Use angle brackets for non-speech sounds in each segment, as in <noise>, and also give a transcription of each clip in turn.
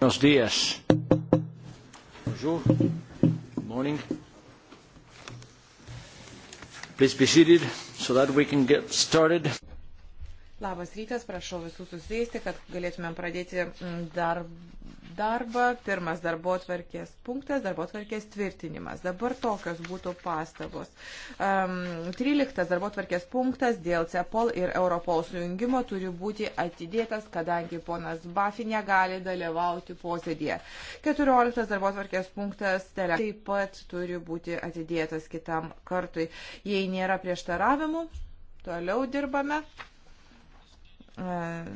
Buenos días. Bonjour. Good morning. Please be seated so that we can get started. Labas rytas, prašau visus susėsti, kad galėtumėm pradėti mm, darb, darbą. Pirmas darbo atvarkės punktas - darbo atvarkės tvirtinimas. Dabar tokios būtų pastabos. Um, 13 darbo atvarkės punktas dėl CEPOL ir Europol sujungimo turi būti atidėtas, kadangi ponas Bafi negali dalyvauti posėdėje. 14 darbo atvarkės punktas tele, taip pat turi būti atidėtas kitam kartui. Jei nėra prieštaravimų, toliau dirbame. Uh,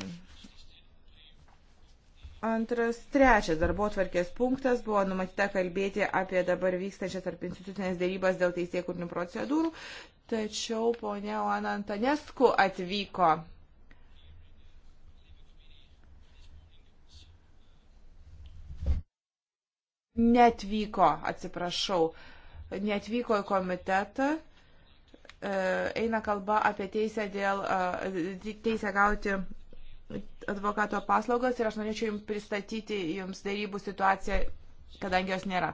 Antras, trečias darbo tvarkės punktas buvo numatyta kalbėti apie dabar vykstančias tarp institucinės dėrybas dėl teisėkūrinių procedūrų, tačiau ponia Oana Antonesku atvyko. Netvyko, atsiprašau, netvyko į komitetą. E, eina kalba apie teisę, dėl, e, teisę gauti advokato paslaugos ir aš norėčiau jums pristatyti jums darybų situaciją, kadangi jos nėra.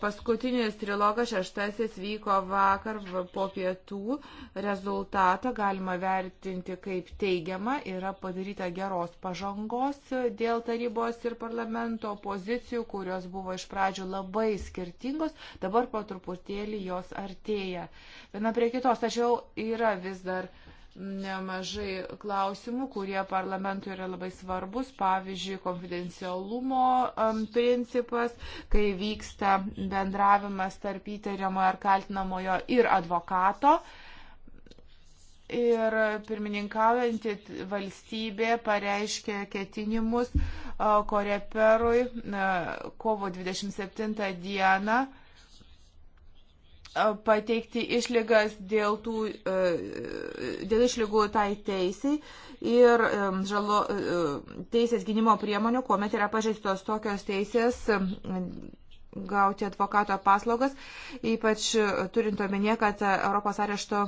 Paskutinis trilogas šeštasis vyko vakar po pietų. Rezultatą galima vertinti kaip teigiamą. Yra padaryta geros pažangos dėl tarybos ir parlamento pozicijų, kurios buvo iš pradžių labai skirtingos. Dabar po truputėlį jos artėja. Viena prie kitos, tačiau yra vis dar uh, nemažai klausimų, kurie parlamentui yra labai svarbus, pavyzdžiui, konfidencialumo um, principas, kai vyksta bendravimas tarp įtariamojo ar kaltinamojo ir advokato. Ir pirmininkaujanti valstybė pareiškė ketinimus uh, Koreperui uh, kovo 27 dieną pateikti išlygas dėl, tų, e, dėl išlygų tai teisiai ir e, žalo, e, teisės gynimo priemonių, kuomet yra pažeistos tokios teisės gauti advokato paslaugas, ypač turint omenyje, kad Europos arešto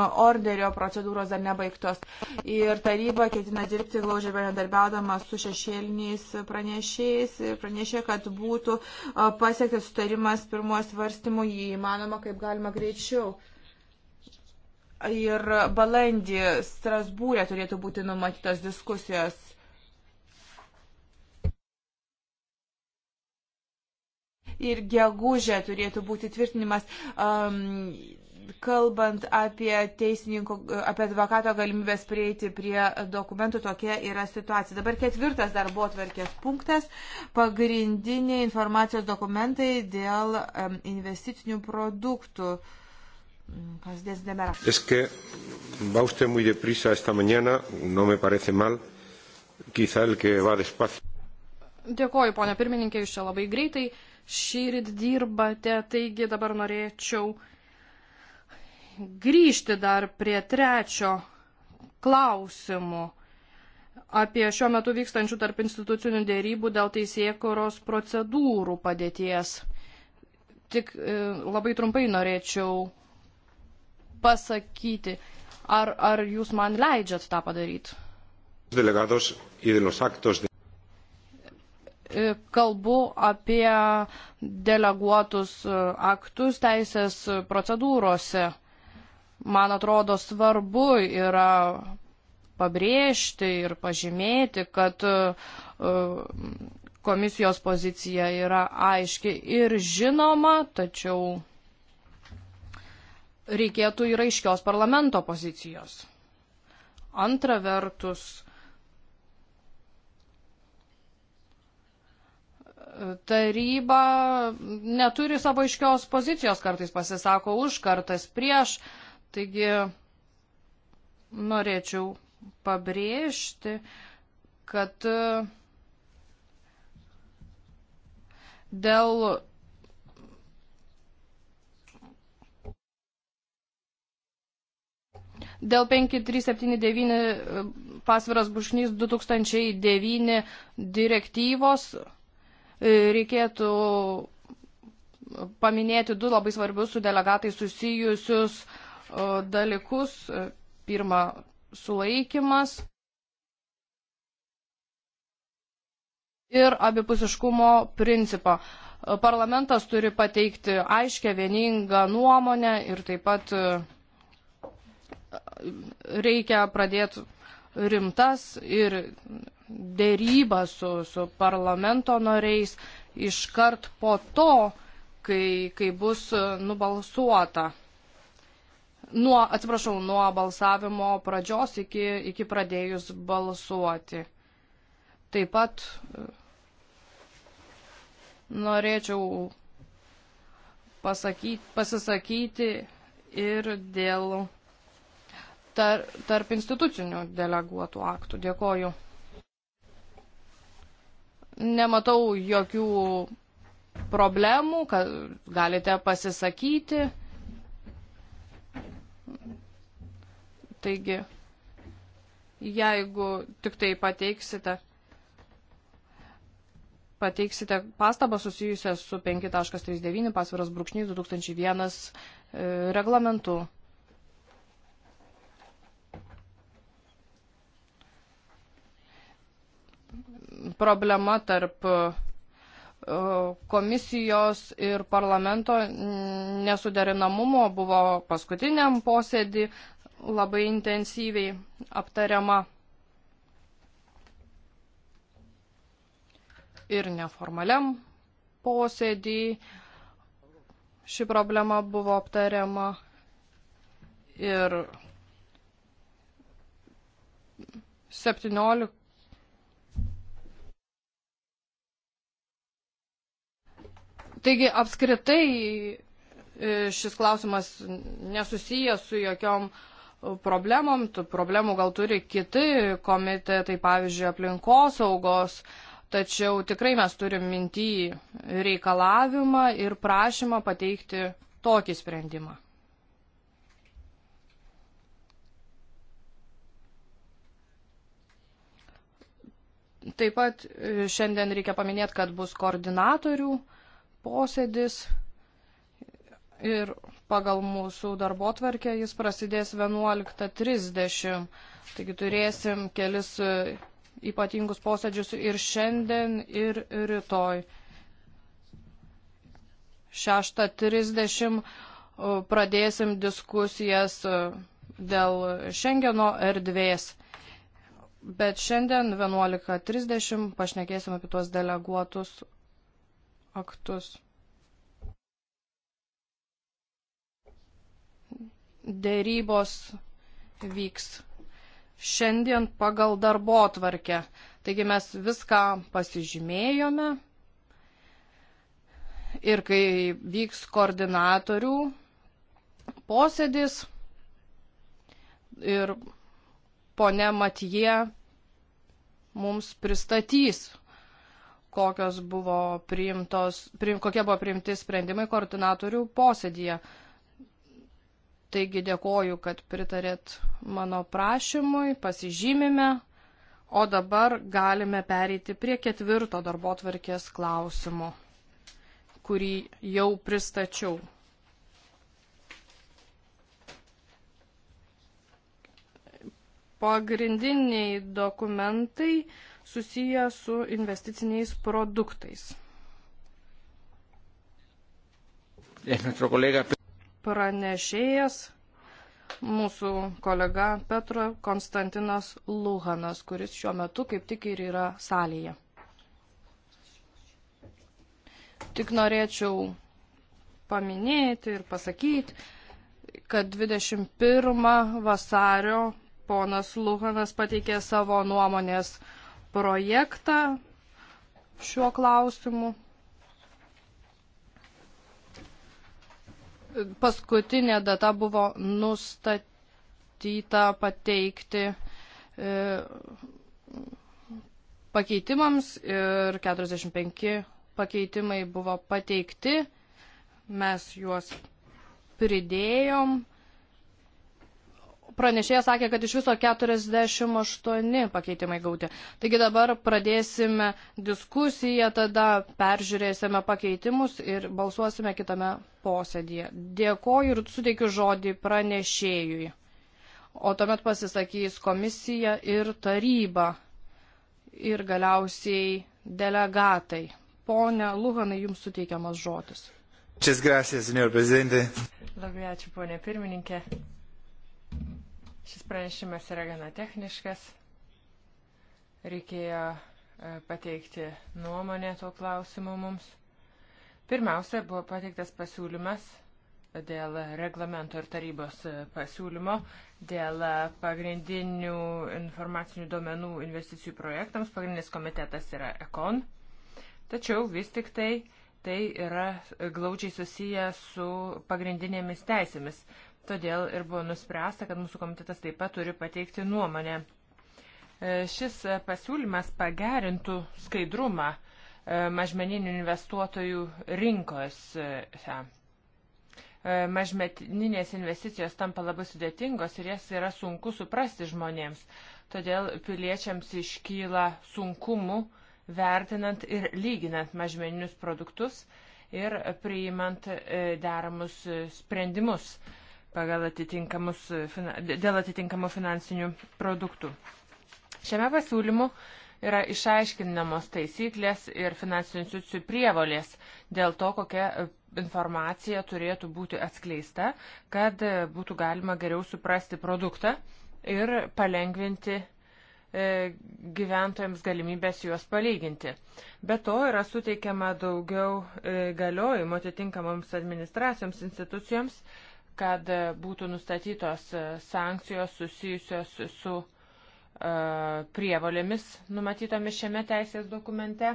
orderio procedūros dar nebaigtos. Ir taryba ketina dirbti glaužiai bendradarbiaudama su šešėliniais pranešėjais ir pranešė, kad būtų pasiektas sutarimas pirmojo svarstymu jį įmanoma kaip galima greičiau. Ir balandį Strasbūrė turėtų būti numatytos diskusijos ir gegužė turėtų būti tvirtinimas. Um, kalbant apie teisininko, apie advokato galimybės prieiti prie dokumentų, tokia yra situacija. Dabar ketvirtas darbo atverkės punktas - pagrindiniai informacijos dokumentai dėl um, investicinių produktų. Pasidės demera. Es que va usted muy deprisa esta mañana, no me parece mal, quizá el que va despacio. Dėkoju, ponia pirmininkė, jūs čia labai greitai šįryt dirbate, taigi dabar norėčiau uh, grįžti dar prie trečio klausimų apie šiuo metu vykstančių tarp institucinių dėrybų dėl teisėkuros procedūrų padėties. Tik e, labai trumpai norėčiau pasakyti, ar, ar jūs man leidžiat tą padaryti. Delegados y de los actos de e, kalbu apie deleguotus e, aktus teisės procedūrose man atrodo svarbu yra pabrėžti ir pažymėti, kad e, komisijos pozicija yra aiški ir žinoma, tačiau reikėtų ir aiškios parlamento pozicijos. Antra vertus, taryba neturi savo aiškios pozicijos, kartais pasisako už, kartais prieš. Uh, Taigi norėčiau pabrėžti, kad uh, dėl Dėl 5379 uh, pasviras bušnys 2009 direktyvos uh, reikėtų paminėti du labai svarbius su delegatai susijusius uh, dalykus. E, pirma, sulaikimas ir abipusiškumo principą. E, parlamentas turi pateikti aiškę vieningą nuomonę ir taip pat e, reikia pradėti rimtas ir dėrybas su, su parlamento nariais iškart po to, kai, kai bus nubalsuota nuo, atsiprašau, nuo balsavimo pradžios iki, iki pradėjus balsuoti. Taip pat e, norėčiau pasakyti, pasisakyti ir dėl tar, tarp institucinių deleguotų aktų. Dėkoju. Nematau jokių problemų, kad galite pasisakyti. Taigi, jeigu tik tai pateiksite, pateiksite pastabą susijusią su 5.39 pasviras brūkšnys 2001 e, reglamentu. Problema tarp e, komisijos ir parlamento nesuderinamumo buvo paskutiniam posėdį labai intensyviai aptariama ir neformaliam posėdį. Ši problema buvo aptariama ir 17. Taigi apskritai e, šis klausimas nesusijęs su jokiom uh, problemom, tų problemų gal turi kiti komitetai, pavyzdžiui, aplinkosaugos, tačiau tikrai mes turim minty reikalavimą ir prašymą pateikti tokį sprendimą. Taip pat e, šiandien reikia paminėti, kad bus koordinatorių posėdis ir pagal mūsų darbo tvarkę jis prasidės 11.30. Taigi turėsim kelis e, ypatingus posėdžius ir šiandien, ir rytoj. 6.30 e, pradėsim diskusijas e, dėl Šengeno erdvės. Bet šiandien 11.30 pašnekėsim apie tuos deleguotus aktus. dėrybos vyks šiandien pagal darbo tvarkę. Taigi mes viską pasižymėjome ir kai vyks koordinatorių posėdis ir ponė Matije mums pristatys kokios buvo priimtos, prim, kokie buvo priimti sprendimai koordinatorių posėdėje. Taigi dėkoju, kad pritarėt mano prašymui, pasižymime, o dabar galime pereiti prie ketvirto darbo tvarkės klausimo, kurį jau pristačiau. Pagrindiniai dokumentai susiję su investiciniais produktais. Es nuestro colega pranešėjas mūsų kolega Petro Konstantinas Luhanas, kuris šiuo metu kaip tik ir yra salėje. Tik norėčiau paminėti ir pasakyti, kad 21 vasario ponas Luhanas pateikė savo nuomonės projektą šiuo klausimu paskutinė data buvo nustatyta pateikti e, pakeitimams ir 45 pakeitimai buvo pateikti. Mes juos pridėjom pranešėjas sakė, kad iš viso 48 pakeitimai gauti. Taigi dabar pradėsime diskusiją, tada peržiūrėsime pakeitimus ir balsuosime kitame posėdėje. Dėkoju ir suteikiu žodį pranešėjui. O tuomet pasisakys komisija ir taryba ir galiausiai delegatai. Pone Luhanai, jums suteikiamas žodis. Čia grasės, senior prezidentė. Labai ačiū, ponė pirmininkė. Šis pranešimas yra gana techniškas. Reikėjo e, pateikti nuomonę tuo klausimu mums. Pirmiausia, buvo pateiktas pasiūlymas dėl reglamento ir tarybos e, pasiūlymo dėl e, pagrindinių informacinių duomenų investicijų projektams. Pagrindinis komitetas yra ECON. Tačiau vis tik tai tai yra glaudžiai susiję su pagrindinėmis teisėmis. Todėl ir buvo nuspręsta, kad mūsų komitetas taip pat turi pateikti nuomonę. E, šis pasiūlymas pagerintų skaidrumą e, mažmeninių investuotojų rinkose. E, mažmeninės investicijos tampa labai sudėtingos ir jas yra sunku suprasti žmonėms. Todėl piliečiams iškyla sunkumų vertinant ir lyginant mažmeninius produktus ir priimant deramus sprendimus pagal atitinkamus, dėl atitinkamų finansinių produktų. Šiame pasiūlymu yra išaiškinamos taisyklės ir finansinių institucijų prievolės dėl to, kokia e, informacija turėtų būti atskleista, kad e, būtų galima geriau suprasti produktą ir palengvinti e, gyventojams galimybės juos palyginti. Be to yra suteikiama daugiau galiojimo atitinkamoms administracijoms institucijoms, kad būtų nustatytos sankcijos susijusios su e, prievolėmis numatytomis šiame teisės dokumente.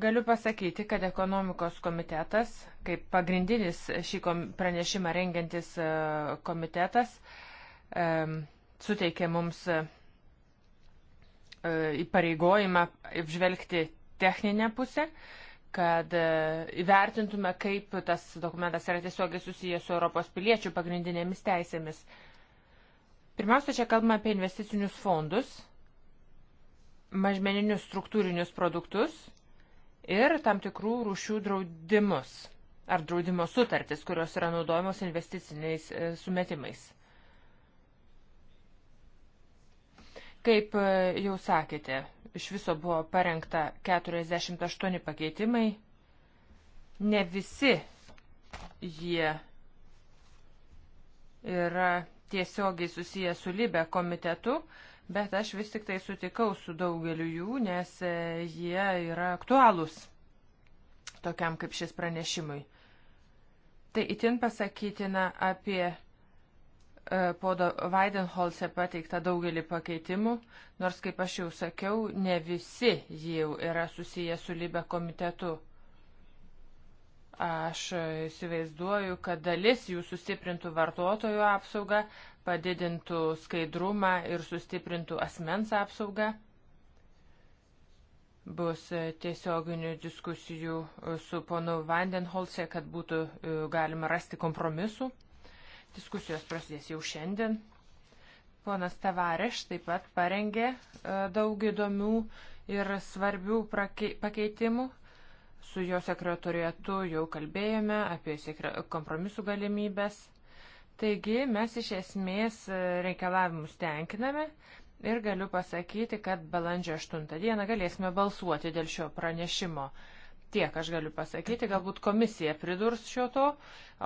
Galiu pasakyti, kad ekonomikos komitetas, kaip pagrindinis šį pranešimą rengiantis e, komitetas, e, suteikė mums įpareigojimą apžvelgti techninę pusę. E, kad e, įvertintume, kaip tas dokumentas yra tiesiogiai susijęs su Europos piliečių pagrindinėmis teisėmis. Pirmiausia, čia kalbame apie investicinius fondus, mažmeninius struktūrinius produktus ir tam tikrų rūšių draudimus ar draudimo sutartis, kurios yra naudojamos investiciniais e, sumetimais. Kaip e, jau sakėte, iš viso buvo parengta 48 pakeitimai. Ne visi jie yra tiesiogiai susiję su Libe komitetu, bet aš vis tik tai sutikau su daugeliu jų, nes e, jie yra aktualūs tokiam kaip šis pranešimui. Tai itin pasakytina apie E, podo Vaidenholse pateikta daugelį pakeitimų, nors, kaip aš jau sakiau, ne visi jau yra susiję su Libe komitetu. Aš įsivaizduoju, kad dalis jų sustiprintų vartotojų apsaugą, padidintų skaidrumą ir sustiprintų asmens apsaugą. Bus tiesioginių diskusijų su ponu Vandenholse, kad būtų e, galima rasti kompromisų. Diskusijos prasidės jau šiandien. Ponas Tavareš taip pat parengė e, daug įdomių ir svarbių pakeitimų. Su jo sekretorietu jau kalbėjome apie kompromisų galimybės. Taigi mes iš esmės e, reikalavimus tenkiname ir galiu pasakyti, kad balandžio 8 dieną galėsime balsuoti dėl šio pranešimo. Tiek aš galiu pasakyti, galbūt komisija pridurs šio to,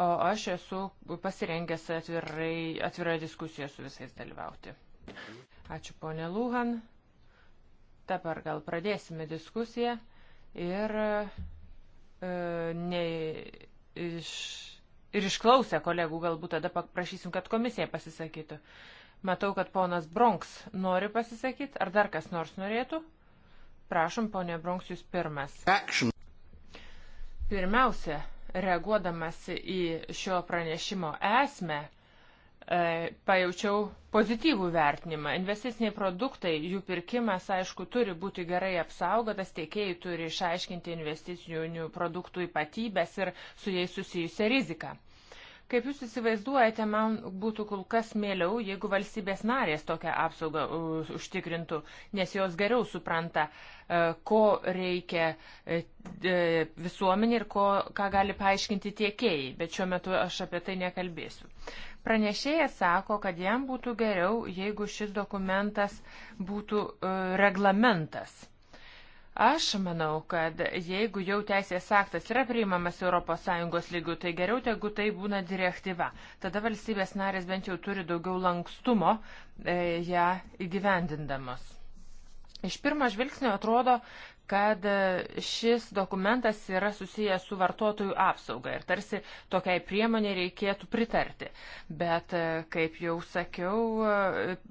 o aš esu pasirengęs atvirai, atvirai diskusiją su visais dalyvauti. Ačiū ponė Lūhan. Dabar gal pradėsime diskusiją ir, e, ne, iš, ir išklausę kolegų galbūt tada paprašysim, kad komisija pasisakytų. Matau, kad ponas Bronks nori pasisakyti. Ar dar kas nors norėtų? Prašom, ponė Bronks, jūs pirmas. Action. Pirmiausia, reaguodamas į šio pranešimo esmę, e, pajaučiau pozityvų vertinimą. Investiciniai produktai, jų pirkimas, aišku, turi būti gerai apsaugotas, tiekėjai turi išaiškinti investicinių produktų ypatybės ir su jais susijusią riziką. Kaip Jūs įsivaizduojate, man būtų kol kas mėliau, jeigu valstybės narės tokią apsaugą užtikrintų, nes jos geriau supranta, e, ko reikia e, e, visuomenė ir ko, ką gali paaiškinti tiekėjai, bet šiuo metu aš apie tai nekalbėsiu. Pranešėjas sako, kad jam būtų geriau, jeigu šis dokumentas būtų reglamentas Aš manau, kad jeigu jau teisės aktas yra priimamas ES lygių, tai geriau tegu tai būna direktyva. Tada valstybės narės bent jau turi daugiau lankstumo e, ją įgyvendindamos. Iš pirmo žvilgsnio atrodo, kad šis dokumentas yra susijęs su vartotojų apsauga ir tarsi tokiai priemonė reikėtų pritarti. Bet, kaip jau sakiau,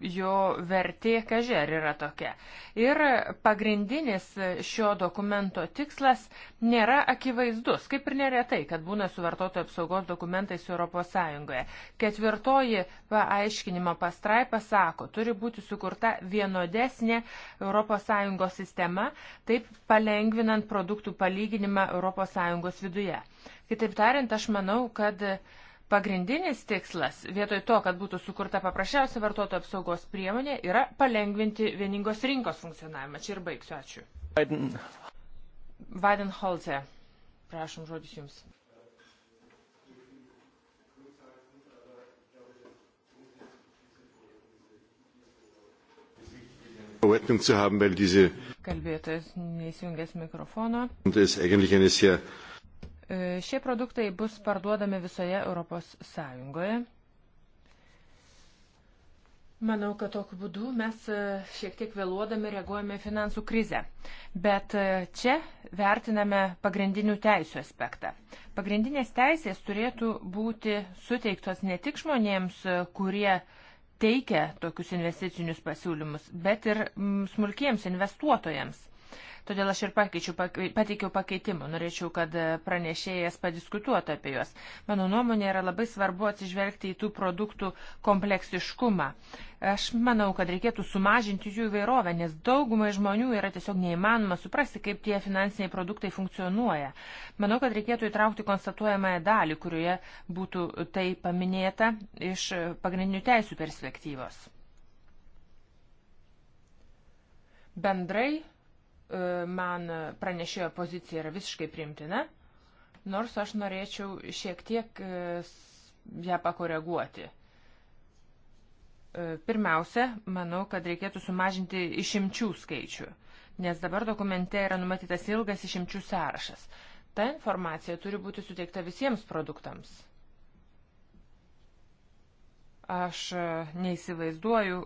jo vertė kažer yra tokia. Ir pagrindinis šio dokumento tikslas nėra akivaizdus, kaip ir neretai, kad būna su vartotojų apsaugos dokumentais ES. Ketvirtoji paaiškinimo pastraipa sako, turi būti sukurta vienodesnė ES sistema, taip palengvinant produktų palyginimą ES viduje. Kitaip tariant, aš manau, kad pagrindinis tikslas, vietoj to, kad būtų sukurta paprasčiausia vartotojų apsaugos priemonė, yra palengvinti vieningos rinkos funkcionavimą. Čia ir baigsiu. Ačiū. Vaiden. Vaidenholze. Prašom, žodis jums. verordnung zu haben weil diese Kalbėtojas neįsijungęs mikrofono. Tai e, šie produktai bus parduodami visoje Europos Sąjungoje. Manau, kad tokiu būdu mes e, šiek tiek vėluodami reaguojame finansų krizę. Bet e, čia vertiname pagrindinių teisų aspektą. Pagrindinės teisės turėtų būti suteiktos ne tik žmonėms, kurie uh, teikia tokius investicinius pasiūlymus, bet ir mm, smulkiems investuotojams. Todėl aš ir pakeičiu, pateikiau pakeitimų. Norėčiau, kad pranešėjas padiskutuotų apie juos. Mano nuomonė yra labai svarbu atsižvelgti į tų produktų kompleksiškumą. Aš manau, kad reikėtų sumažinti jų įvairovę, nes daugumai žmonių yra tiesiog neįmanoma suprasti, kaip tie finansiniai produktai funkcionuoja. Manau, kad reikėtų įtraukti konstatuojamąją dalį, kurioje būtų tai paminėta iš pagrindinių teisų perspektyvos. Bendrai E, man pranešėjo pozicija yra visiškai primtina, nors aš norėčiau šiek tiek e, ją pakoreguoti. E, pirmiausia, manau, kad reikėtų sumažinti išimčių skaičių, nes dabar dokumente yra numatytas ilgas išimčių sąrašas. Ta informacija turi būti suteikta visiems produktams. Aš neįsivaizduoju,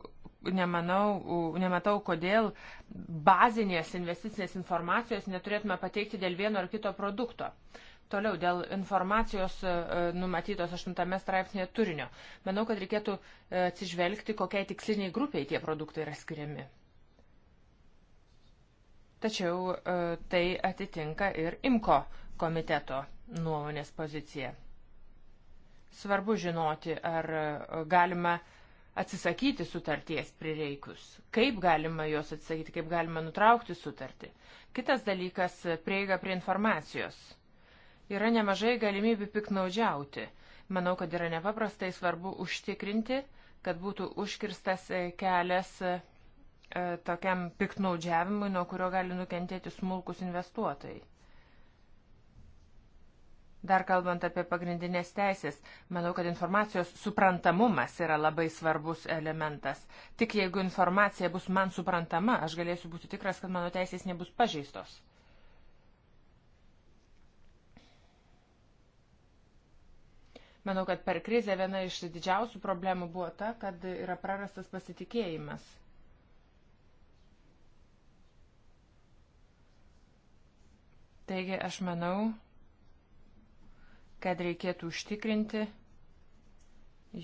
nemanau, nematau, kodėl bazinės investicinės informacijos neturėtume pateikti dėl vieno ar kito produkto. Toliau, dėl informacijos e, numatytos 8 straipsnėje turinio. Manau, kad reikėtų e, atsižvelgti, kokiai tiksliniai grupiai tie produktai yra skiriami. Tačiau e, tai atitinka ir IMKO komiteto nuomonės poziciją. Svarbu žinoti, ar galima uh, atsisakyti sutarties prireikus, kaip galima jos atsisakyti, kaip galima nutraukti sutartį. Kitas dalykas - prieiga prie informacijos. Yra nemažai galimybių piknaudžiauti. Manau, kad yra nepaprastai svarbu užtikrinti, kad būtų užkirstas e, kelias e, tokiam piknaudžiavimui, nuo kurio gali nukentėti smulkus investuotojai. Dar kalbant apie pagrindinės teisės, manau, kad informacijos suprantamumas yra labai svarbus elementas. Tik jeigu informacija bus man suprantama, aš galėsiu būti tikras, kad mano teisės nebus pažeistos. Manau, kad per krizę viena iš didžiausių problemų buvo ta, kad yra prarastas pasitikėjimas. Taigi, aš manau, kad reikėtų užtikrinti,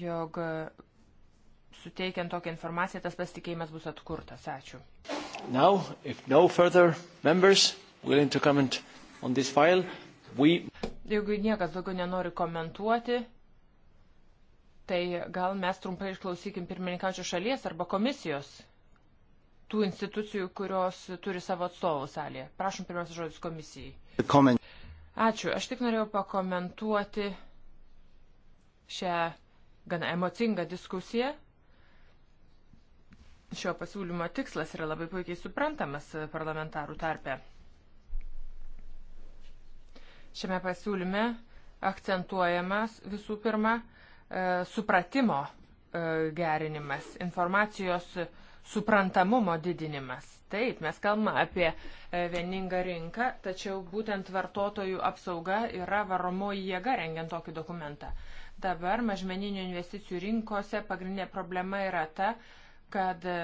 jog suteikiant tokią informaciją tas pasitikėjimas bus atkurtas. Ačiū. Now, no file, we... Jeigu niekas daugiau nenori komentuoti, tai gal mes trumpai išklausykim pirmininkaučio šalies arba komisijos tų institucijų, kurios turi savo atstovų salėje. Prašom pirmiausia žodis komisijai. Comment. Ačiū. Aš tik norėjau pakomentuoti šią gana emocingą diskusiją. Šio pasiūlymo tikslas yra labai puikiai suprantamas parlamentarų tarpe. Šiame pasiūlyme akcentuojamas visų pirma e, supratimo e, gerinimas, informacijos suprantamumo didinimas. Taip, mes kalbame apie e, vieningą rinką, tačiau būtent vartotojų apsauga yra varomoji jėga rengiant tokį dokumentą. Dabar mažmeninių investicijų rinkose pagrindinė problema yra ta, kad e,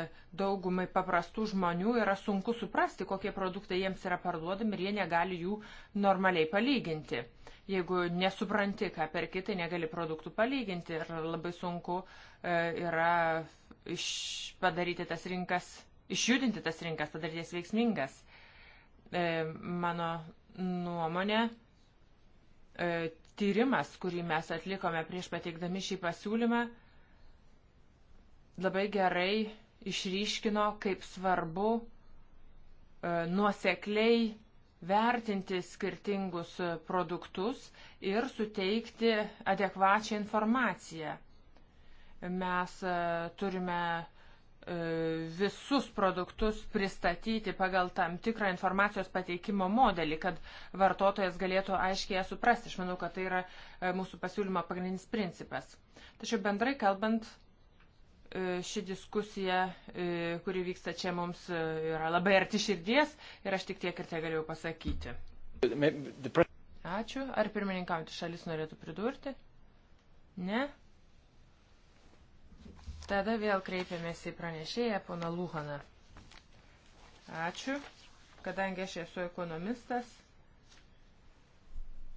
daugumai paprastų žmonių yra sunku suprasti, kokie produktai jiems yra parduodami ir jie negali jų normaliai palyginti. Jeigu nesupranti, ką per kitai negali produktų palyginti ir labai sunku e, yra padaryti tas rinkas išjudinti tas rinkas, padaryti jas veiksmingas. E, mano nuomonė, e, tyrimas, kurį mes atlikome prieš pateikdami šį pasiūlymą, labai gerai išryškino, kaip svarbu e, nuosekliai vertinti skirtingus produktus ir suteikti adekvačią informaciją. Mes e, turime E, visus produktus pristatyti pagal tam tikrą informacijos pateikimo modelį, kad vartotojas galėtų aiškiai ją suprasti. Aš manau, kad tai yra e, mūsų pasiūlymo pagrindinis principas. Tačiau bendrai kalbant, e, ši diskusija, kuri vyksta čia mums, yra labai arti širdies ir aš tik tiek ir tai galėjau pasakyti. Ačiū. Ar pirmininkaujantį šalis norėtų pridurti? Ne. Tada vėl kreipiamės į pranešėją, pona Luhaną. Ačiū. Kadangi aš esu ekonomistas,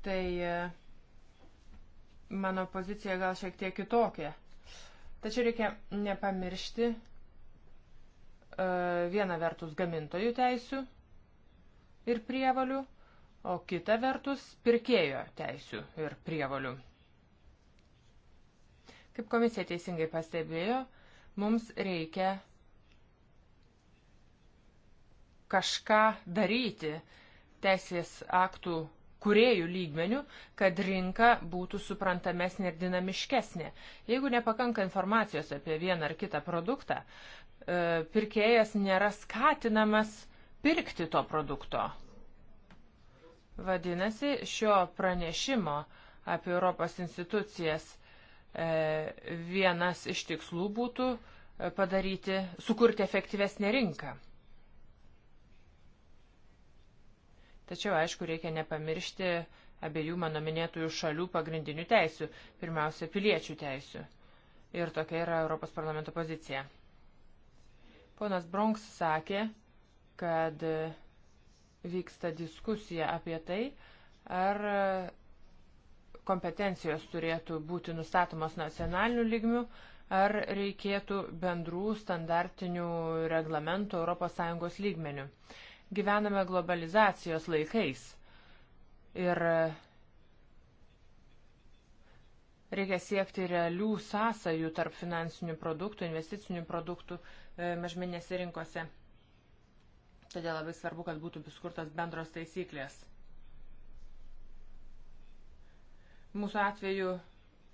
tai e, mano pozicija gal šiek tiek kitokia. Tačiau reikia nepamiršti e, viena vertus gamintojų teisių ir prievalių, o kita vertus pirkėjo teisių ir prievalių. Kaip komisija teisingai pastebėjo, mums reikia kažką daryti teisės aktų kuriejų lygmenių, kad rinka būtų suprantamesnė ir dinamiškesnė. Jeigu nepakanka informacijos apie vieną ar kitą produktą, e, pirkėjas nėra skatinamas pirkti to produkto. Vadinasi, šio pranešimo apie Europos institucijas E, vienas iš tikslų būtų e, padaryti, sukurti efektyvesnę rinką. Tačiau, aišku, reikia nepamiršti abiejų mano minėtųjų šalių pagrindinių teisių, pirmiausia, piliečių teisių. Ir tokia yra Europos parlamento pozicija. Ponas Bronks sakė, kad vyksta diskusija apie tai, ar kompetencijos turėtų būti nustatomos nacionaliniu lygmiu, ar reikėtų bendrų standartinių reglamentų ES lygmenių. Gyvename globalizacijos laikais ir reikia siekti realių sąsajų tarp finansinių produktų, investicinių produktų e, mažmenėse rinkose. Todėl labai svarbu, kad būtų biskurtos bendros taisyklės. Mūsų atveju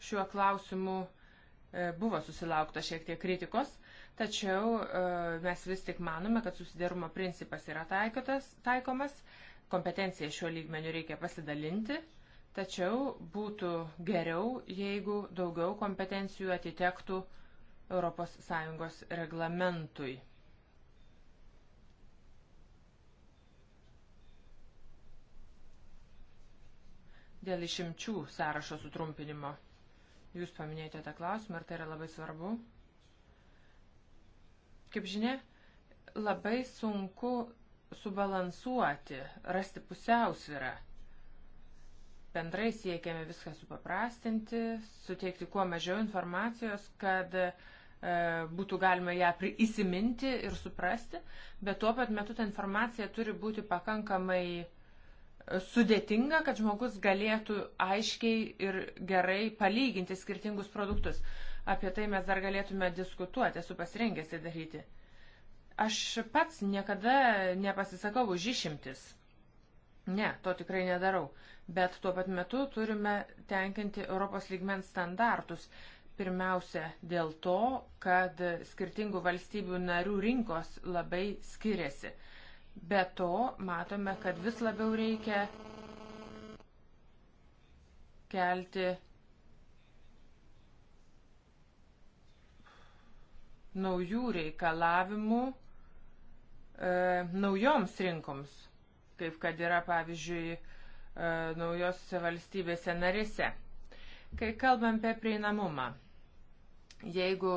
šiuo klausimu e, buvo susilaukta šiek tiek kritikos, tačiau e, mes vis tik manome, kad susidarumo principas yra taikotas, taikomas, kompetenciją šiuo lygmeniu reikia pasidalinti, tačiau būtų geriau, jeigu daugiau kompetencijų atitektų ES reglamentui. dėl išimčių sąrašo sutrumpinimo. Jūs paminėjote tą klausimą ir tai yra labai svarbu. Kaip žinia, labai sunku subalansuoti, rasti pusiausvyrą. Bendrai siekiame viską supaprastinti, suteikti kuo mažiau informacijos, kad e, būtų galima ją įsiminti ir suprasti, bet tuo pat metu ta informacija turi būti pakankamai e, sudėtinga, kad žmogus galėtų aiškiai ir gerai palyginti skirtingus produktus. Apie tai mes dar galėtume diskutuoti, esu pasirengęs tai daryti. Aš pats niekada nepasisakau už išimtis. Ne, to tikrai nedarau. Bet tuo pat metu turime tenkinti Europos lygmens standartus. Pirmiausia dėl to, kad skirtingų valstybių narių rinkos labai skiriasi. Be to, matome, kad vis labiau reikia kelti naujų reikalavimų e, naujoms rinkoms, kaip kad yra, pavyzdžiui, e, naujose valstybėse narise. Kai kalbam apie prieinamumą, jeigu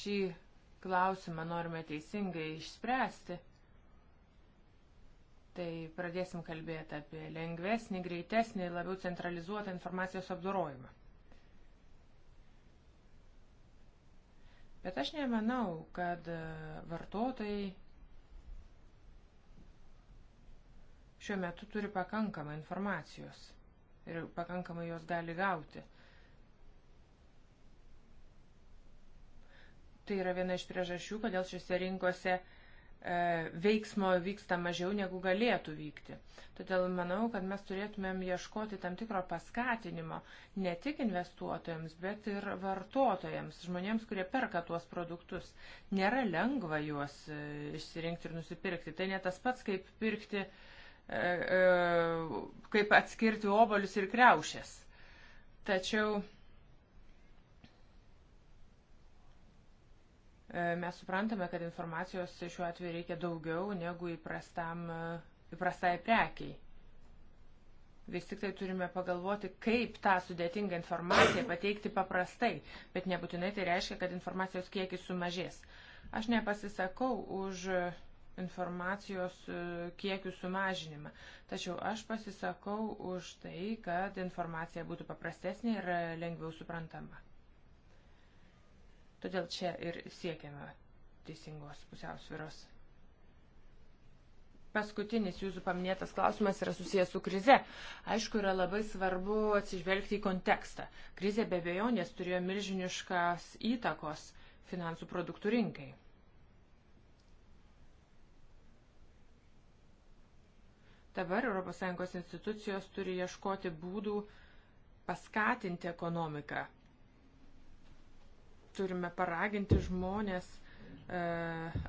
šį klausimą norime teisingai išspręsti, tai pradėsim kalbėti apie lengvesnį, greitesnį, labiau centralizuotą informacijos apdorojimą. Bet aš nemanau, kad e, vartotojai šiuo metu turi pakankamą informacijos ir pakankamai jos gali gauti. Tai yra viena iš priežasčių, kodėl šiuose rinkose e, veiksmo vyksta mažiau negu galėtų vykti. Todėl manau, kad mes turėtumėm ieškoti tam tikro paskatinimo ne tik investuotojams, bet ir vartotojams, žmonėms, kurie perka tuos produktus. Nėra lengva juos e, išsirinkti ir nusipirkti. Tai ne tas pats, kaip pirkti, e, kaip atskirti obolius ir kreušės. Tačiau E, mes suprantame, kad informacijos šiuo atveju reikia daugiau negu įprastam, e, įprastai prekiai. Vis tik tai turime pagalvoti, kaip tą sudėtingą informaciją pateikti paprastai, bet nebūtinai tai reiškia, kad informacijos kiekis sumažės. Aš nepasisakau už informacijos e, kiekių sumažinimą. Tačiau aš pasisakau už tai, kad informacija būtų paprastesnė ir lengviau suprantama. Todėl čia ir siekiame teisingos pusiausviros. Paskutinis jūsų paminėtas klausimas yra susijęs su krize. Aišku, yra labai svarbu atsižvelgti į kontekstą. Krize be bejonės turėjo milžiniškas įtakos finansų produktų rinkai. Dabar ES institucijos turi ieškoti būdų paskatinti ekonomiką turime paraginti žmonės e,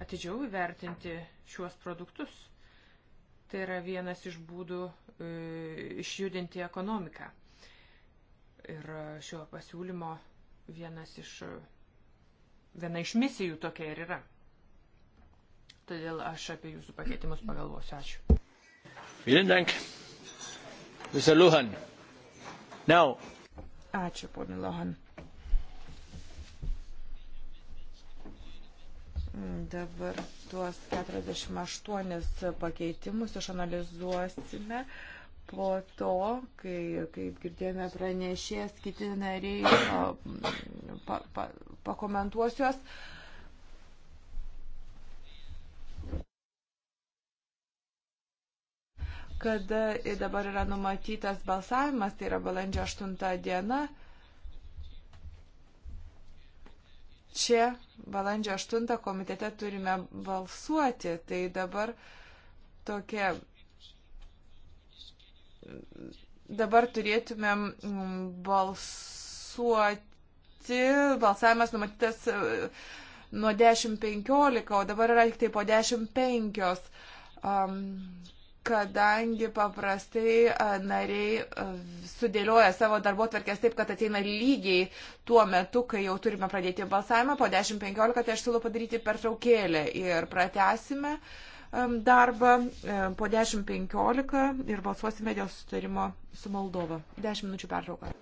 atidžiau įvertinti šiuos produktus. Tai yra vienas iš būdų e, išjudinti ekonomiką. Ir šio pasiūlymo vienas iš, viena iš misijų tokia ir yra. Todėl aš apie jūsų pakeitimus pagalvosiu. Ačiū. Vielen Dank. Mr. Luhan. Now. Ačiū, ponė Luhan. Dabar tuos 48 pakeitimus išanalizuosime po to, kai, kaip girdėjome pranešės, kiti nariai pa, pa, pakomentuos juos. Kada dabar yra numatytas balsavimas, tai yra balandžio 8 diena. čia balandžio 8 komitete turime balsuoti. Tai dabar tokia. Dabar turėtumėm mm, balsuoti. Balsavimas numatytas e, nuo 10.15, o dabar yra tik tai po 10.5. Um, kadangi paprastai nariai sudėlioja savo darbo tvarkės taip, kad ateina lygiai tuo metu, kai jau turime pradėti balsavimą, po 10.15 tai aš siūlau padaryti pertraukėlę ir pratesime darbą po 10.15 ir balsuosime dėl sutarimo su Moldova. 10 minučių pertrauką.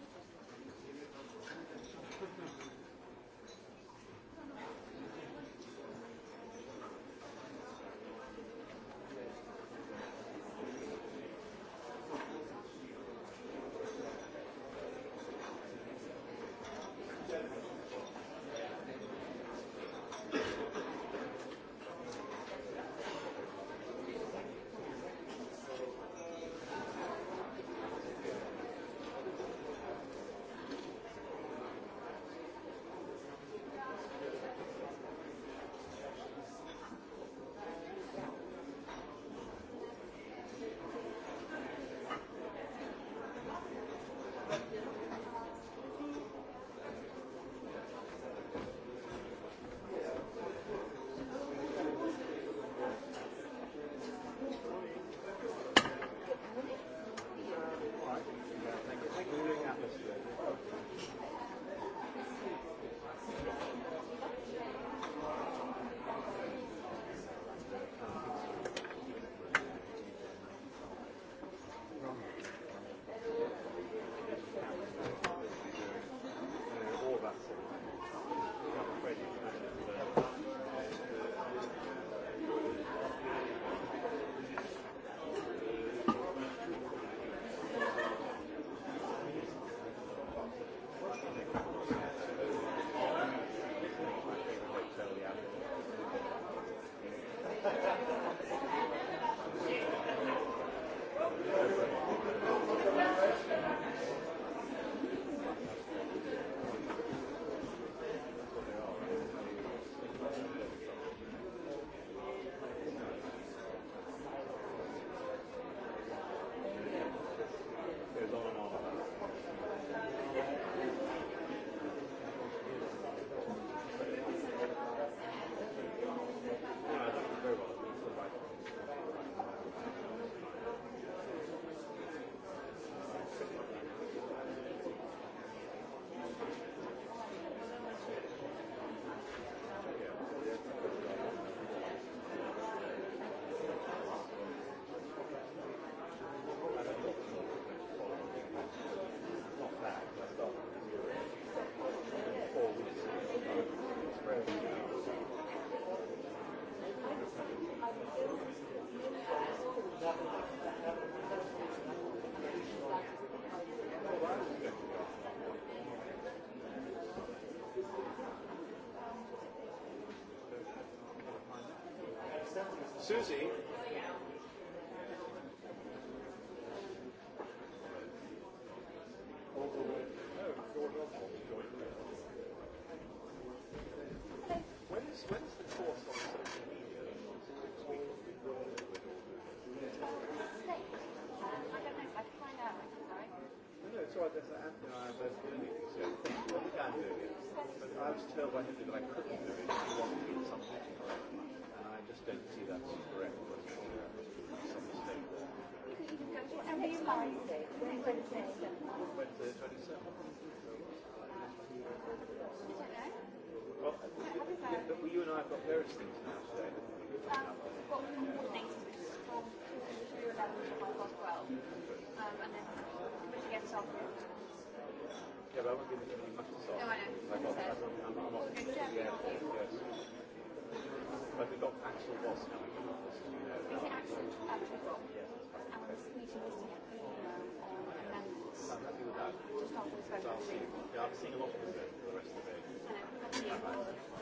Susie, Yes, I am. No, I was doing it. So what the guy doing it, but I was told by him that I couldn't do it if he wanted to get something correct, and I just don't see that as correct. But some mistake there. You could even go to every Wednesday, Wednesday, Wednesday, twenty seven. Well, yeah, but you and I have got various things now today. Um, what was the morning, which is from 2 to 11 to 12, um, and then which gets off. Yeah, but I won't give it to you much to solve. No, I know. I got, I got, I'm, I'm off. Yeah, yeah, yes. But we've got actual boss coming in office. You know, Is it actual, actual boss? Yes. And we're just meeting this year. I'm happy with that. Just after the Yeah, I've seen a lot of them for the rest of the day. I know. Thank you.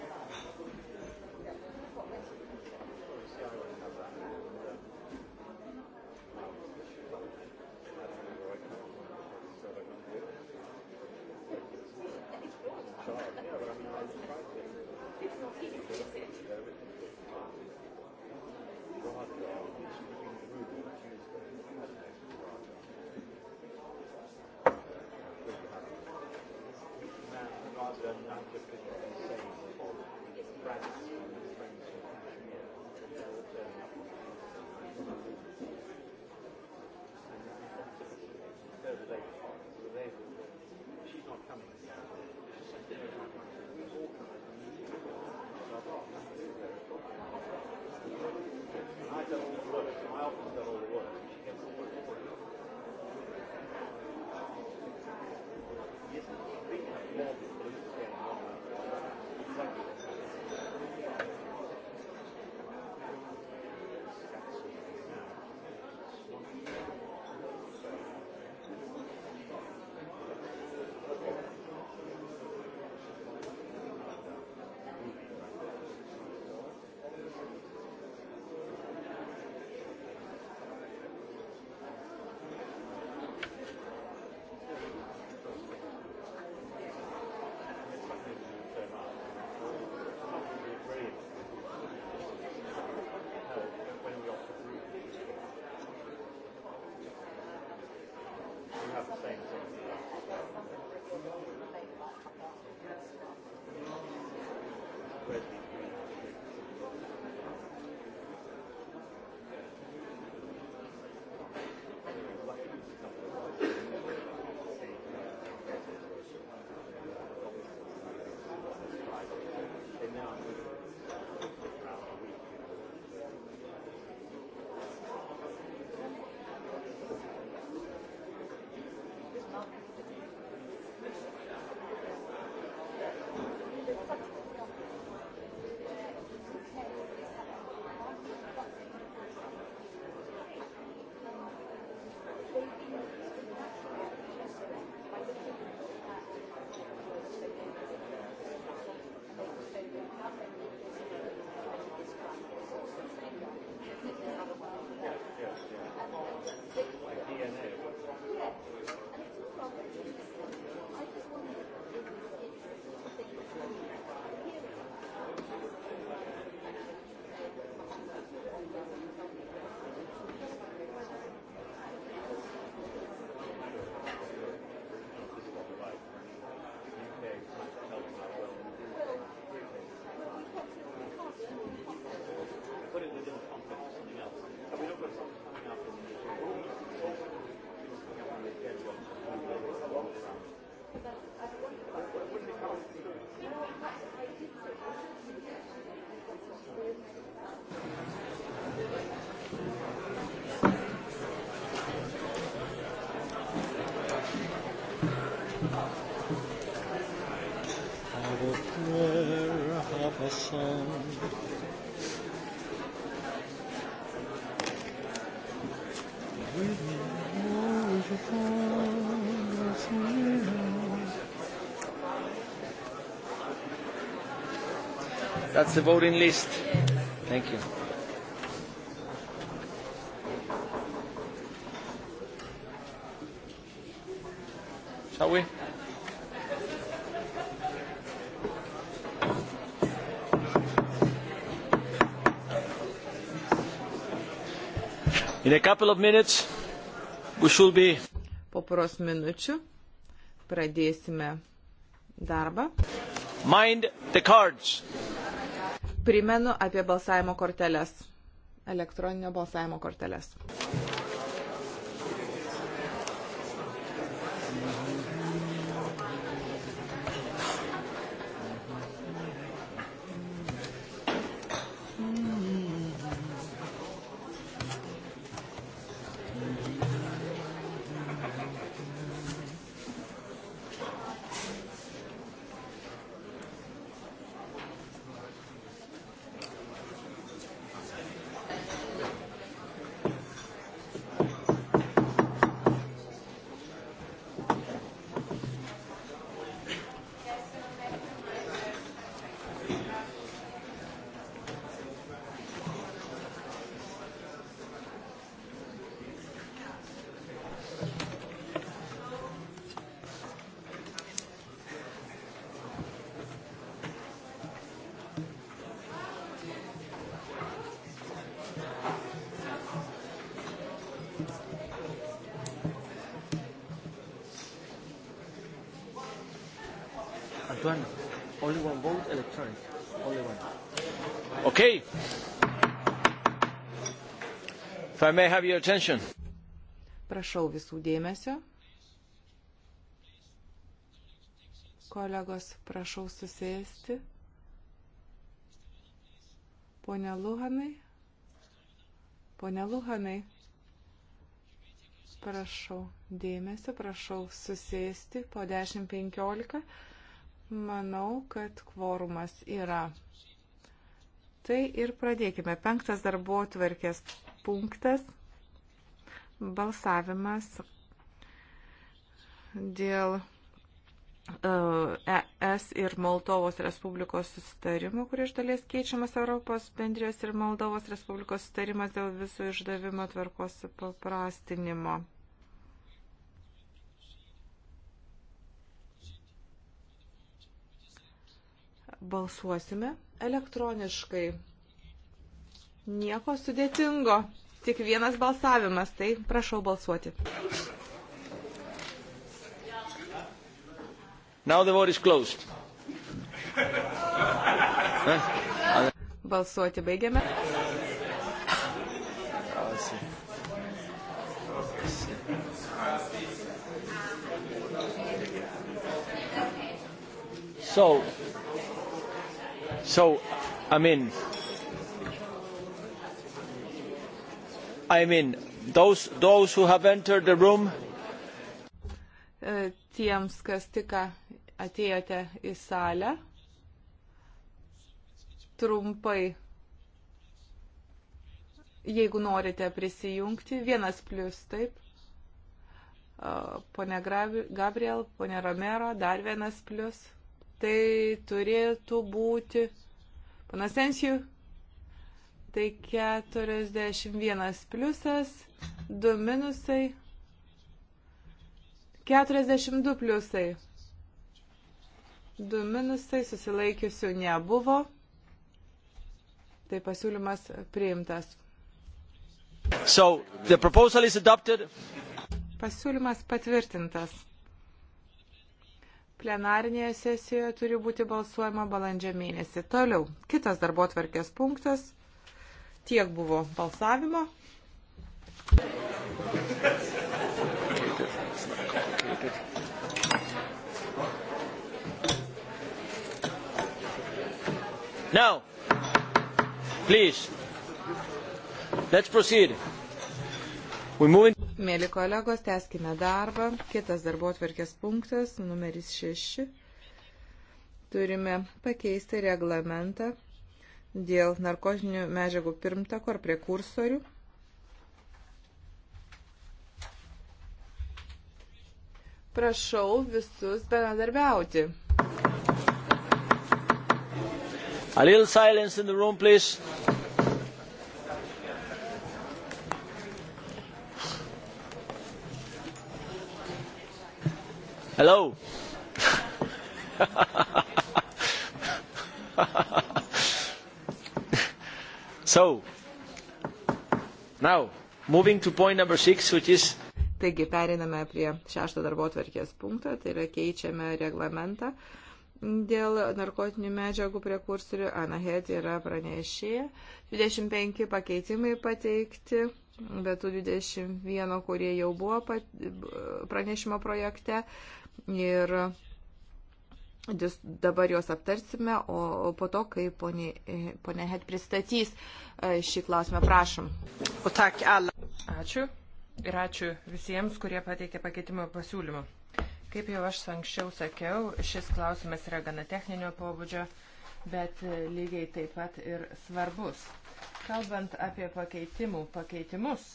Bradley. That's the voting list. Thank you. Shall we? In a couple of minutes, we should be. Po poros minučių pradėsime darbą. Mind the cards. Primenu apie balsavimo korteles, elektroninio balsavimo korteles. Prašau visų dėmesio. Kolegos, prašau susėsti. Pone Luhanai. Pone Luhanai. Prašau dėmesio, prašau susėsti po 10.15. Manau, kad kvorumas yra. Tai ir pradėkime. Penktas darbo tvarkės punktas - balsavimas dėl ES e ir Moldovos Respublikos susitarimų, kur iš dalies keičiamas Europos bendrijos ir Moldovos Respublikos susitarimas dėl visų išdavimo tvarkos paprastinimo. Balsuosime elektroniškai. Nieko sudėtingo, tik vienas balsavimas, tai prašau balsuoti. Now the vote is closed. Balsuoti baigiame. So, so, I mean, I mean, those, those who have entered the room. E, tiems, kas tik atėjote į salę, trumpai, jeigu norite prisijungti, vienas plus, taip. E, pone Gabriel, pone Romero, dar vienas plus. Tai turėtų būti. Panas Ensijų. Tai 41 pliusas, 2 minusai, 42 pliusai. 2 minusai susilaikiusių nebuvo. Tai pasiūlymas priimtas. So, the proposal is adopted. Pasiūlymas patvirtintas plenarinėje sesijoje turi būti balsuojama balandžio mėnesį. Toliau, kitas darbo tvarkės punktas Tiek buvo balsavimo. Now, please, let's proceed. We move in... Mėly kolegos, teskime darbą. Kitas darbo atverkės punktas, numeris 6. Turime pakeisti reglamentą dėl narkozinių medžiagų pirmtako ar prekursorių. Prašau visus bendradarbiauti. A little silence in the room, please. Hello. <laughs> <laughs> So, now, moving to point number six, which is Taigi periname prie šešto darbo tvarkės punkto, tai yra keičiame reglamentą dėl narkotinių medžiagų prekursorių. Anahet yra pranešėja. 25 pakeitimai pateikti, bet tų 21, kurie jau buvo pranešimo projekte. Ir dabar juos aptarsime, o po to, kai ponė e, Het pristatys e, šį klausimą, prašom. Ačiū ir ačiū visiems, kurie pateikė pakeitimo pasiūlymų. Kaip jau aš anksčiau sakiau, šis klausimas yra gana techninio pobūdžio, bet e, lygiai taip pat ir svarbus. Kalbant apie pakeitimų pakeitimus,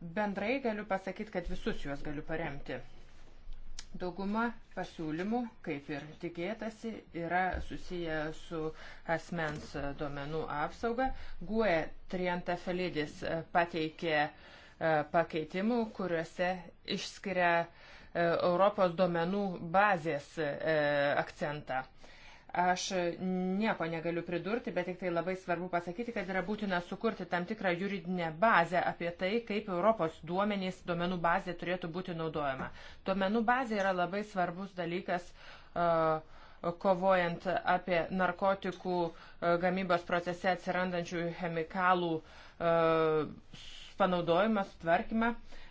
bendrai galiu pasakyti, kad visus juos galiu paremti. Dauguma pasiūlymų, kaip ir tikėtasi, yra susiję su asmens duomenų apsauga. GUE Trientafelidis pateikė e, pakeitimų, kuriuose išskiria e, Europos duomenų bazės e, akcentą. Aš nieko negaliu pridurti, bet tik tai labai svarbu pasakyti, kad yra būtina sukurti tam tikrą juridinę bazę apie tai, kaip Europos duomenys, duomenų bazė turėtų būti naudojama. Duomenų bazė yra labai svarbus dalykas. Uh, kovojant apie narkotikų gamybos procese atsirandančių chemikalų panaudojimą, sutvarkymą.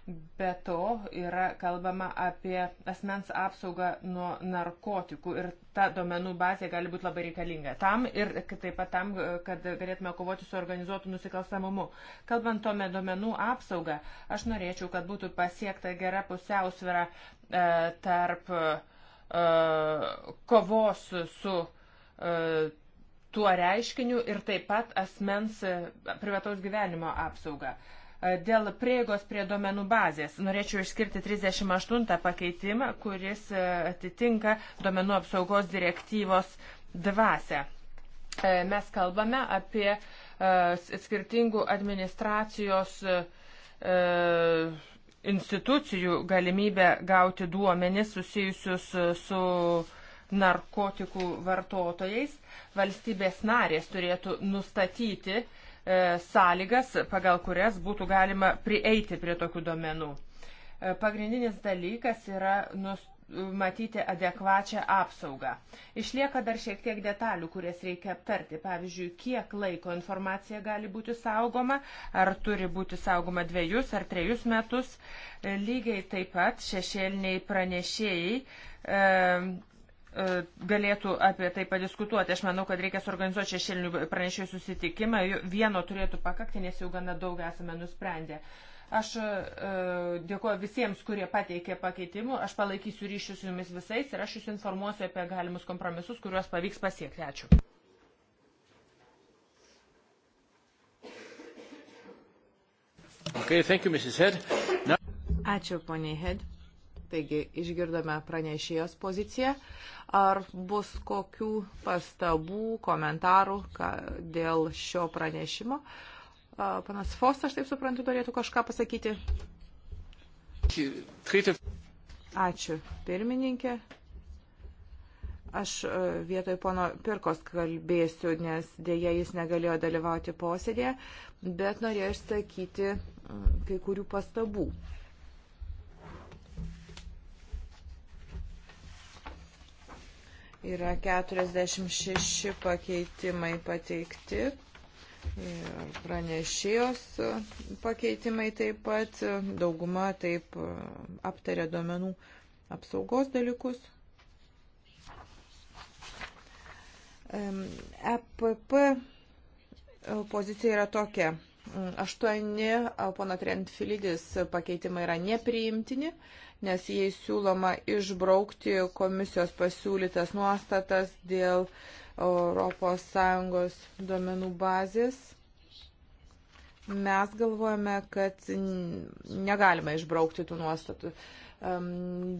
Be to yra kalbama apie asmens apsaugą nuo narkotikų ir ta domenų bazė gali būti labai reikalinga. Tam ir taip pat tam, kad galėtume kovoti su organizuotu nusikalstamumu. Kalbant tome domenų apsaugą, aš norėčiau, kad būtų pasiekta gera pusiausvėra e, tarp e, kovos su. E, tuo reiškiniu ir taip pat asmens e, privataus gyvenimo apsaugą. E, dėl prieigos prie domenų bazės norėčiau išskirti 38 pakeitimą, kuris e, atitinka domenų apsaugos direktyvos dvasę. E, mes kalbame apie skirtingų administracijos institucijų galimybę gauti duomenis susijusius su narkotikų vartotojais. Valstybės narės turėtų nustatyti, E, sąlygas, pagal kurias būtų galima prieiti prie tokių domenų. E, pagrindinis dalykas yra nustatyti matyti adekvačią apsaugą. Išlieka dar šiek tiek detalių, kurias reikia aptarti. Pavyzdžiui, kiek laiko informacija gali būti saugoma, ar turi būti saugoma dviejus ar trejus metus. E, lygiai taip pat šešėliniai pranešėjai e, E, galėtų apie tai padiskutuoti. Aš manau, kad reikia suorganizuoti šešėlinių pranešėjų susitikimą. Vieno turėtų pakakti, nes jau gana daug esame nusprendę. Aš e, dėkuoju visiems, kurie pateikė pakeitimų. Aš palaikysiu ryšį su jumis visais ir aš jūs informuosiu apie galimus kompromisus, kuriuos pavyks pasiekti. Ačiū. Okay, thank you, Mrs. Head. Now... Ačiū, poniai Head. Taigi išgirdome pranešėjos poziciją. Ar bus kokių pastabų, komentarų ką, dėl šio pranešimo? Panas Fos, aš taip suprantu, norėtų kažką pasakyti. Ačiū, pirmininkė. Aš vietoj pono Pirkos kalbėsiu, nes dėja jis negalėjo dalyvauti posėdėje, bet norėjau išsakyti kai kurių pastabų. Yra 46 pakeitimai pateikti. Ir pranešėjos pakeitimai taip pat, dauguma taip e, aptarė duomenų apsaugos dalykus. EPP e pozicija yra tokia. Aštuoni e, pono Trentfilidis pakeitimai yra nepriimtini nes jais siūloma išbraukti komisijos pasiūlytas nuostatas dėl ES duomenų bazės. Mes galvojame, kad negalime išbraukti tų nuostatų.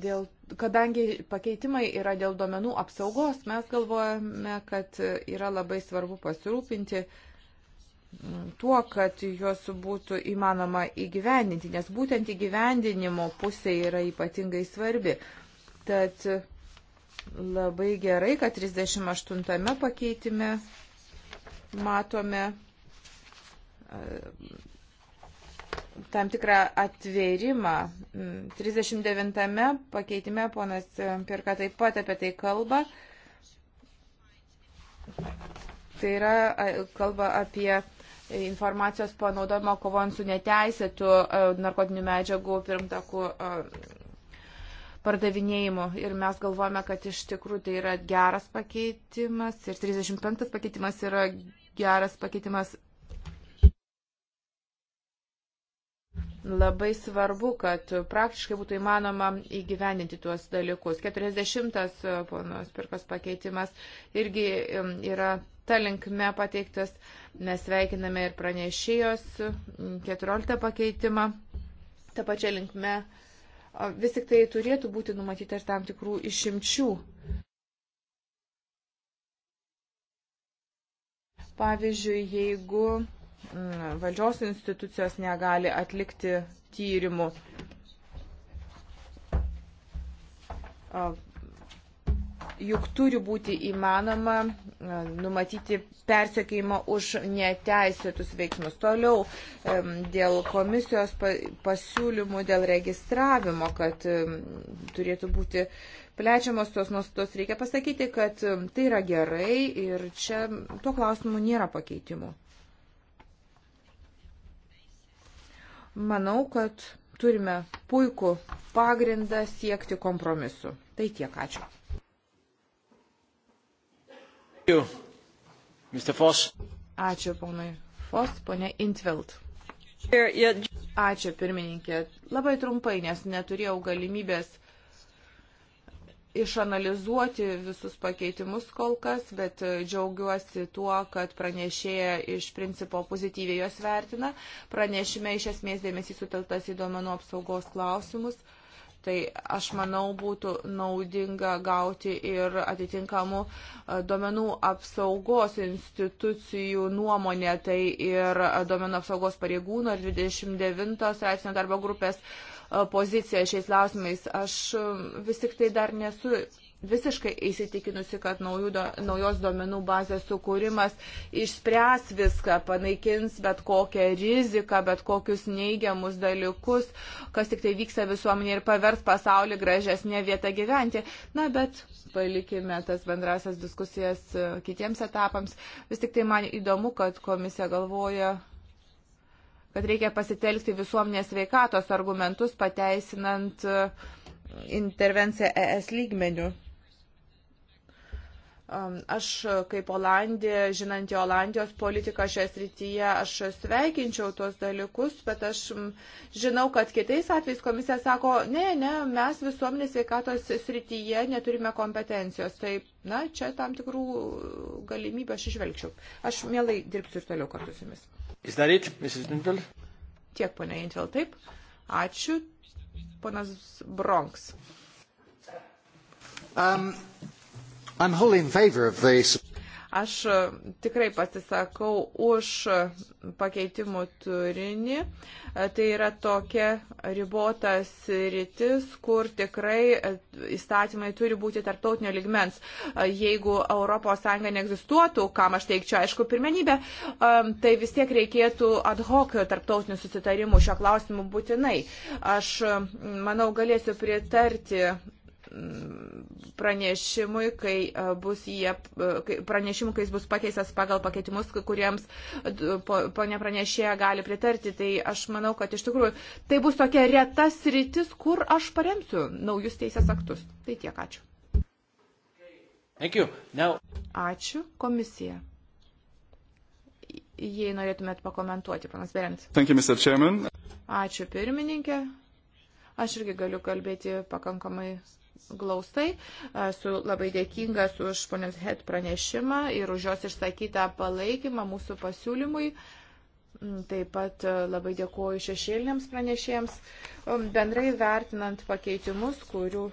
Dėl, kadangi pakeitimai yra dėl duomenų apsaugos, mes galvojame, kad yra labai svarbu pasirūpinti, uh, tuo, kad juos būtų įmanoma įgyvendinti, nes būtent įgyvendinimo pusė yra ypatingai svarbi. Tad labai gerai, kad 38 pakeitime matome e, tam tikrą atvėrimą. 39 pakeitime ponas Pirka taip pat apie tai kalba. Tai yra kalba apie informacijos panaudojimo kovojant su neteisėtų e, narkotinių medžiagų pirmtakų e, pardavinėjimu. Ir mes galvojame, kad iš tikrųjų tai yra geras pakeitimas ir 35 pakeitimas yra geras pakeitimas. Labai svarbu, kad praktiškai būtų įmanoma įgyveninti tuos dalykus. 40 e, ponos pirkos pakeitimas irgi yra ta linkme pateiktas. Mes sveikiname ir pranešėjos 14 mm, pakeitimą. Ta pačia linkme vis tik tai turėtų būti numatyta ir tam tikrų išimčių. Pavyzdžiui, jeigu mm, valdžios institucijos negali atlikti tyrimų juk turi būti įmanoma e, numatyti persiekėjimą už neteisėtus veiksmus. Toliau dėl komisijos pasiūlymų dėl registravimo, kad turėtų būti plečiamos tos nuostatos, reikia pasakyti, kad tai yra gerai ir čia tuo klausimu nėra pakeitimų. Manau, kad turime puikų pagrindą siekti kompromisu. Tai tiek, ačiū. Ačiū, ponai Fos, ponė Intveld. Ačiū, pirmininkė. Labai trumpai, nes neturėjau galimybės išanalizuoti visus pakeitimus kol kas, bet e, džiaugiuosi tuo, kad pranešėja iš principo pozityviai juos vertina. Pranešime iš esmės dėmesys sutelktas į duomenų apsaugos klausimus tai aš manau būtų naudinga gauti ir atitinkamų e, duomenų apsaugos institucijų nuomonę, tai ir e, duomenų apsaugos pareigūno ir 29 straipsnio darbo grupės e, poziciją šiais klausimais. Aš vis tik tai dar nesu visiškai įsitikinusi, kad naujų, do, naujos duomenų bazės sukūrimas išspręs viską, panaikins bet kokią riziką, bet kokius neigiamus dalykus, kas tik tai vyksta visuomenėje ir pavers pasaulį gražesnė vieta gyventi. Na, bet palikime tas bendrasias diskusijas e, kitiems etapams. Vis tik tai man įdomu, kad komisija galvoja kad reikia pasitelkti visuomenės veikatos argumentus, pateisinant e, intervenciją ES lygmenių. Aš kaip Olandija, žinantį Olandijos politiką šioje srityje, aš sveikinčiau tuos dalykus, bet aš žinau, kad kitais atvejais komisija sako, ne, ne, mes visuomenės veikatos srityje neturime kompetencijos. Tai, na, čia tam tikrų galimybių aš išvelgčiau. Aš mielai dirbsiu ir toliau kartu su jumis. Tiek, ponia Intel, taip. Ačiū, ponas Bronks. Um. Aš e, tikrai pasisakau už pakeitimų turinį. E, tai yra tokia ribotas rytis, kur tikrai e, įstatymai turi būti tarptautinio ligmens. Jeigu ES neegzistuotų, kam aš teikčiau, aišku, pirmenybę, tai vis tiek reikėtų ad hoc tarptautinių susitarimų šio klausimu būtinai. Aš manau, galėsiu pritarti pranešimui, kai e, bus jie, e, pranešimui, kai jis bus pakeistas pagal pakeitimus, kuriems e, ponia pranešėja gali pritarti. Tai aš manau, kad iš tikrųjų tai bus tokia reta sritis, kur aš paremsiu naujus teisės aktus. Tai tiek, ačiū. Now... Ačiū, komisija. Jei norėtumėt pakomentuoti, panas Berent. Ačiū, pirmininkė. Aš irgi galiu kalbėti pakankamai glaustai. Esu labai dėkingas už ponios Het pranešimą ir už jos išsakytą palaikymą mūsų pasiūlymui. Taip pat e, labai dėkuoju šešėliniams pranešėjams. E, bendrai vertinant pakeitimus, kurių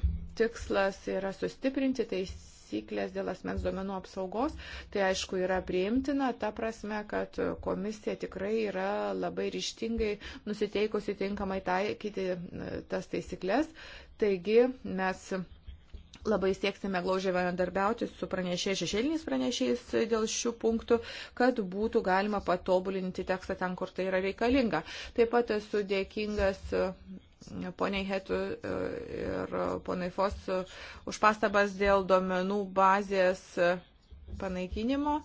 tikslas yra sustiprinti teisės taisyklės dėl asmens duomenų apsaugos, tai aišku yra priimtina, ta prasme, kad komisija tikrai yra labai ryštingai nusiteikusi tinkamai taikyti e, tas taisyklės. Taigi mes labai sieksime glaužiai bendarbiauti su pranešėjais, šešėliniais pranešėjais dėl šių punktų, kad būtų galima patobulinti tekstą ten, kur tai yra reikalinga. Taip pat esu dėkingas poniai Hetu e, ir ponai Fos e, už pastabas dėl duomenų bazės e, panaikinimo.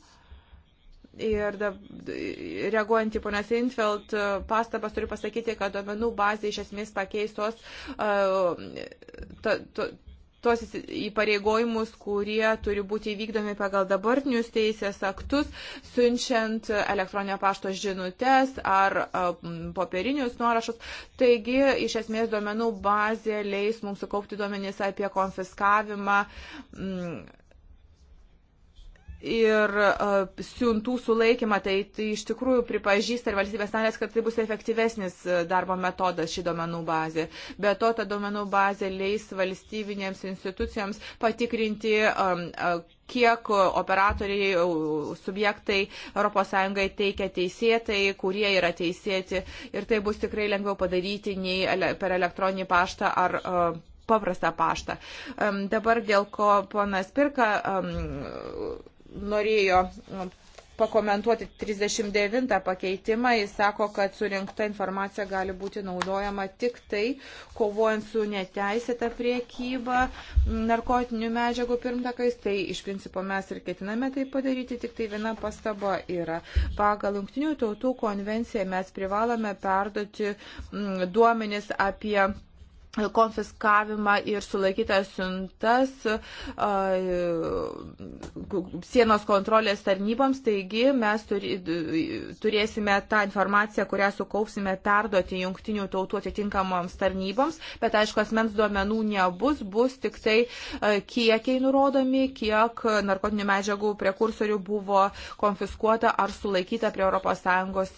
Ir da, reaguojant į ponas Infeld pastabas, turiu pasakyti, kad duomenų bazė iš esmės pakeis tos, to, to, tuos įpareigojimus, kurie turi būti įvykdomi pagal dabartinius teisės aktus, siunčiant elektroninio pašto žinutės ar popierinius nuorašus. Taigi, iš esmės, duomenų bazė leis mums sukaupti duomenys apie konfiskavimą. M, ir uh, siuntų sulaikymą, tai, tai iš tikrųjų pripažįsta ir valstybės narės, kad tai bus efektyvesnis darbo metodas ši domenų bazė. Be to, ta domenų bazė leis valstybinėms institucijoms patikrinti. Um, uh, kiek operatoriai, subjektai ES teikia teisėtai, kurie yra teisėti. Ir tai bus tikrai lengviau padaryti nei per elektroninį paštą ar uh, paprastą paštą. Um, dabar dėl ko ponas Pirka um, norėjo nu, pakomentuoti 39 pakeitimą. Jis sako, kad surinkta informacija gali būti naudojama tik tai kovojant su neteisėta priekyba narkotinių medžiagų pirmtakais. Tai iš principo mes ir ketiname tai padaryti, tik tai viena pastaba yra. Pagal Junktinių tautų konvenciją mes privalome perduoti mm, duomenis apie konfiskavimą ir sulaikytas siuntas sienos kontrolės tarnyboms. Taigi mes turėsime tą informaciją, kurią sukaupsime perduoti jungtinių tautų atitinkamoms tarnyboms, bet aišku, asmens duomenų nebus, bus tik tai kiekiai nurodomi, kiek narkotinių medžiagų prekursorių buvo konfiskuota ar sulaikyta prie ES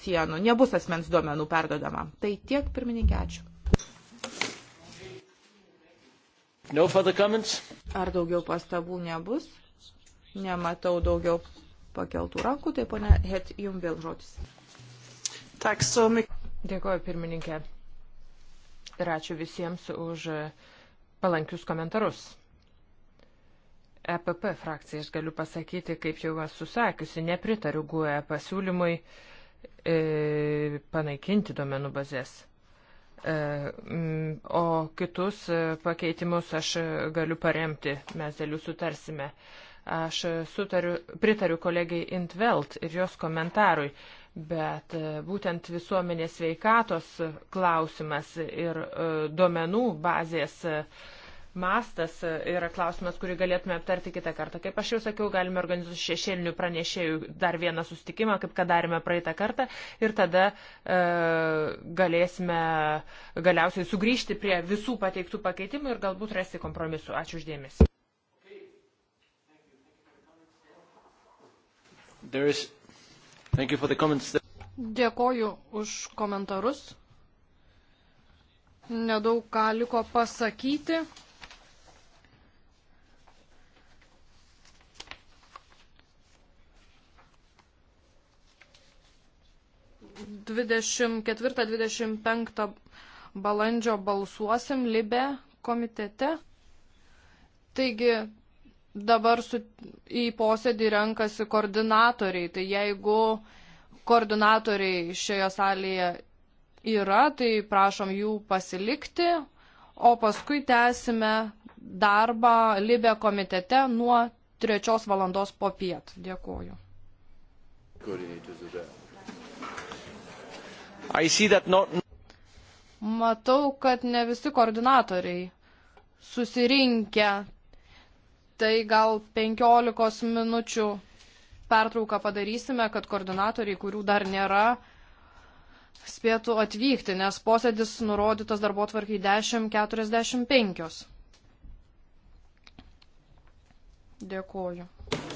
sienų. Nebus asmens duomenų perdodama. Tai tiek, pirmininkė, ačiū. No further comments? Ar daugiau pastabų nebus? Nematau daugiau pakeltų rankų, tai ponia Het, jums vėl žodis. Dėkuoju pirmininkė. Ir ačiū visiems už palankius komentarus. EPP frakcija, aš galiu pasakyti, kaip jau esu sakiusi, nepritariu GUE pasiūlymui e, panaikinti duomenų bazės. E, mm, o kitus e, pakeitimus aš galiu paremti, mes dėl jų sutarsime. Aš sutariu, pritariu kolegiai Intvelt ir jos komentarui, bet e, būtent visuomenės veikatos klausimas ir duomenų bazės uh, mastas yra klausimas, kurį galėtume aptarti kitą kartą. Kaip aš jau sakiau, galime organizuoti šešėlinių pranešėjų dar vieną sustikimą, kaip kad darėme praeitą kartą, ir tada e, galėsime galiausiai sugrįžti prie visų pateiktų pakeitimų ir galbūt rasti kompromisų. Ačiū uždėmesi. Dėkoju už komentarus nedaug ką liko pasakyti. 24-25 balandžio balsuosim Libe komitete. Taigi dabar su, į posėdį renkasi koordinatoriai. Tai jeigu koordinatoriai šioje salėje yra, tai prašom jų pasilikti, o paskui tęsime darbą Libe komitete nuo 3 valandos po piet. Dėkuoju. Coordinators of that. Not... Matau, kad ne visi koordinatoriai susirinkę. Tai gal 15 minučių pertrauką padarysime, kad koordinatoriai, kurių dar nėra, spėtų atvykti, nes posėdis nurodytas darbo tvarkai 10.45. Dėkuoju.